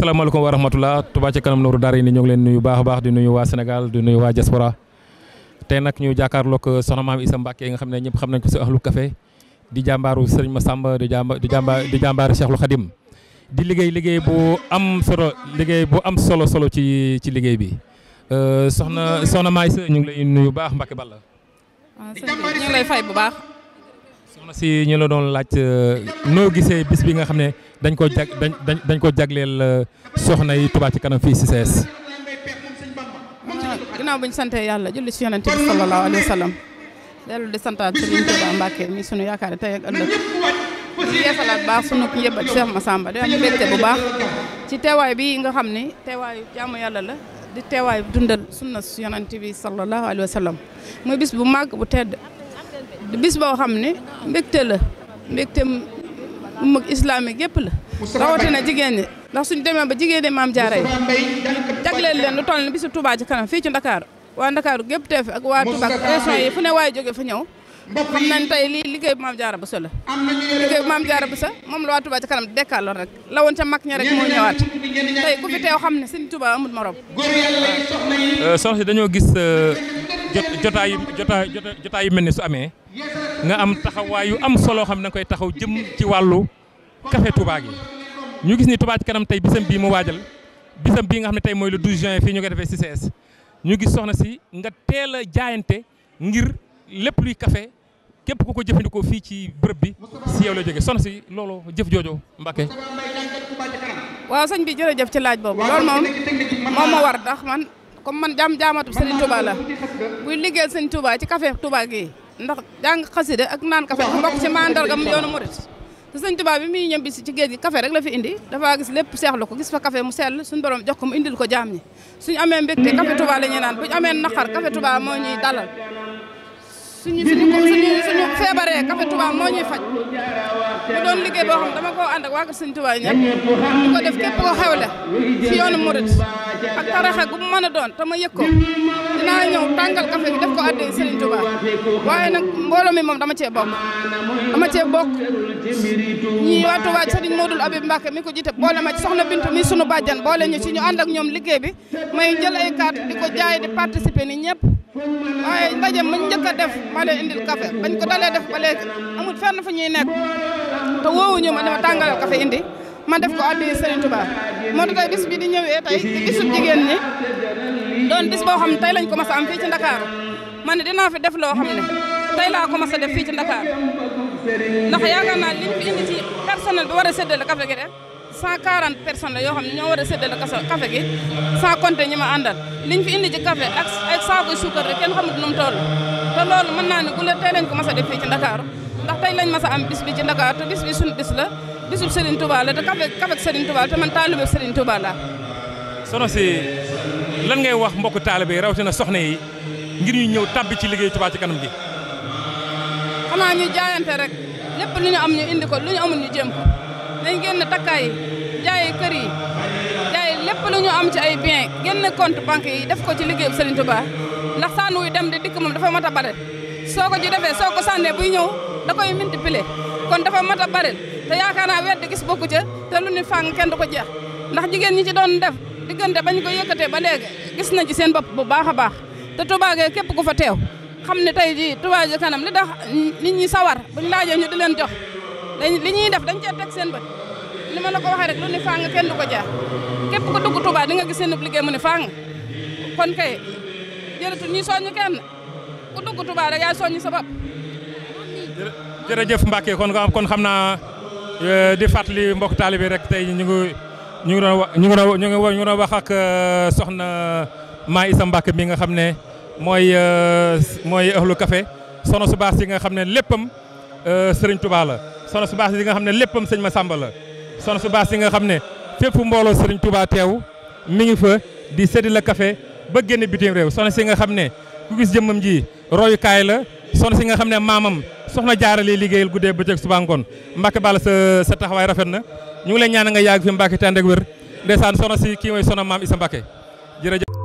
asalaamaaleykum wa rahmatulah Touba ca kanam Nourou Darayni ñu ngi leen nuyu baax a baax di nuyu waa Sénégal di nuyu waa diaspora tey nag ñu jàkkaarloog euh, soxna maam Issa Mbacke nga xam ne ñëpp xam nañ ko si ahlu café di jàmbaaru Serigne Massamba di jàmba di jàmba di jàmbaaru Cheikhul Khadim di liggéey liggéey bu am solo liggéey bu am solo solo ci ci liggéey bi euh, soxna soxna maam Issa ñu ngi lay nuyu baax Mbacke Balla. Ah, ñu ngi lay fay bu baax. soxna si ñu la doon laaj euh, noo gisee bis bi nga xam ne dañ ko jag dañ dañ ko jagleel euh, soxna yi Touba ci kanam fii si sees ah, ginnaaw bu santee yàlla julli ci yonente bi sallallahu alayhi wa sallam dellu di santaat sunu yaakaar tey ak ëllëg di yeesalaat baax sunu bu baax ci teewaay bi nga xam ni teewaayu jaamu yàlla la di teewaay dundal sunna yonente bi sallallahu alayhi wa sallam muy bis bu màgg bu tedd bis boo xam ne mbégte la mbégte umag islamique yëpp la rawatina jigéen ñi ndax suñ demee ba jigéen ñi maam jaara yi jagleel leen lu toll ni bisu Touba ci kanam fii ci Ndakaaru waa Ndakaaru gépp teef ak waa Touba ak région yi fu ne waaye jóge fa ñëw xam nañ bu sa la liggéey bu maam jaara moom la waa Touba ci kanam di dekkaaloon rek la woon ca mag ña rek moo ñëwaat tey ku fi teew xam ne sëñ Touba amul morom euh, soxna si dañoo gis euh, jotaay jotaay jotaay yu mel ni su amee nga am taxawaay yu am solo xam ne danga koy taxaw jëm ci wàllu café Touba gi ñu gis ni Touba kanam tey bisam bii mu waajal bisam bi nga xam ne tey mooy le 12 juin fii ñu koy defee CCS ñu gis soxna si nga teel a jaayante ngir lépp luy kafe képp ku ko jëfandikoo fii ci bërëb bi si yow la jógee soxna si loolu jëf joojo Mbacke. waaw sëñ bi jërëjëf ci laaj boobu loolu moom moo ma war ndax man. comme man jaam jaamatu Serigne Touba la buy liggéeyal Serigne tubaa ci café Touba gi ndax jàng xasida ak naan café bu mbokk ci mandargam yoonu murit te Serigne Touba bi muy ñëmbi si ci géej gi café rek la fi indi dafa gis lépp seexlu ko gis fa café mu sell suñu borom jox ko mu indil ko jaam ñi suñu amee mbégte café Touba la ñuy naan buñu amee naqar café Touba moo ñuy dalal suñu suñu suñu suñu feebaree café Touba moo ñuy faj mu doon liggéey boo xam dama koo ànd ak waa kër jàppale ci yoonu murit ak taraxa gu mu doon te ma yëg ko dinaa ñëw tàngal kafe bi def ko addi Serigne Touba waaye nag mbooloo mi moom dama cee bokk dama cee bokk ñii waa Touba Serigne Modou Abib Mbacke mi ko jiite boole ma ci soxna Bintu mi sunu bàjjan boole ñu ci ñu ànd ak ñoom liggéey bi may jël ay carte di ko jaay di participer ni ñëpp waaye ndaje mañ njëkk a def ma leen indil café bañ ko dalee def ba léegi amul fenn fa ñuy nekk te woowu ñu ma dama tàngalal café indi ma def ko addi Serigne Touba moo tax tey bis bi di ñëwee eh, tey di bisub jigéen ñi doon bis boo xam ne tey lañ ko mas a am fii Ndakaaru ma ne dinaa fi def loo xam ne tey laa ko mas a def fii Ndakaaru ndax yaakaar naa liñ fi indi ci personnel bi war a séddale café gi rek cent quarante personnes la yoo xam ne ñoo war a séddale café gi sans compter ñi ma àndal liñ fi indi ci café ak ak saako suukar rek kenn xamut nu mu toll te loolu mën naa ne bu la tey ko mas a def fii ci Ndakaaru ndax tey lañ mës am bis bi ci Ndakaar te bis bi suñu bis la bisub Serigne Touba la te kafe kafe Serigne Touba te man taalibe Serigne Touba laa. sono si lan ngay wax mbokku taalibe yi rawatina soxna yi ngir ñu ñëw tabbi ci liggéey Touba ci kanam gi. xanaa ñu lépp lu am ñu indi ko lu ñu ñu jéem ko nañ génn takkaay yi jaayi kër lépp lu am ci ay bien génn compte banque yi def ko ci liggéeyu Serigne Touba ndax saan wuy dem di dikk moom dafa da koy multiplier kon dafa mat a baril te yaakaar naa wedd gis bokku ca te lu ni fàng kenn du ko jeex ndax jigéen ñi ci di def diggante bañ ko yëkkatee ba léegi gis na ci seen bopp bu baax a baax te Touba Gueye képp fa teew xam ne tey jii Touba kanam li tax nit ñi sawar buñ laajee ñu di leen jox li ñuy def dañ cee teg seen bët ni ma la ko waxee lu ni fàng kenn du ko jeex képp ku dugg Touba di nga gis seen liggéey mu ni fàng kon kay jërëtul ñuy soññ kenn ku dugg Touba rek yaay soññ sa jërëjëf Mbacke kon kon xam naa euh, di fàttali mbokk taalibe rek tey ñu ngi ñu ngi doon ñu ngi doon ñu ngi doon wax ak euh, soxna maa Isa Mbacke mi nga xam ne mooy euh, mooy ahlu kafe sono su baas yi nga xam ne léppam sëriñ Touba la sono su baas yi nga xam ne léppam sëñ Massamba la sono su yi nga xam ne fépp mbooloo sëriñ Touba teew mi ngi fa di séddi la café ba génn bitim réew sono si nga xam ne ku gis jëmmam ji royukaay la sono si nga xam ne maamam soxna jaarale liggéeyal guddee bëccëg suba ngoon Mbacke Balla sa sa taxawaay rafet na ñu ngi leen ñaan nga yàgg fi Mbacke te ànd ak wér ndeysaan soxna si kii mooy soxna maam Issa Mbacke jërëjëf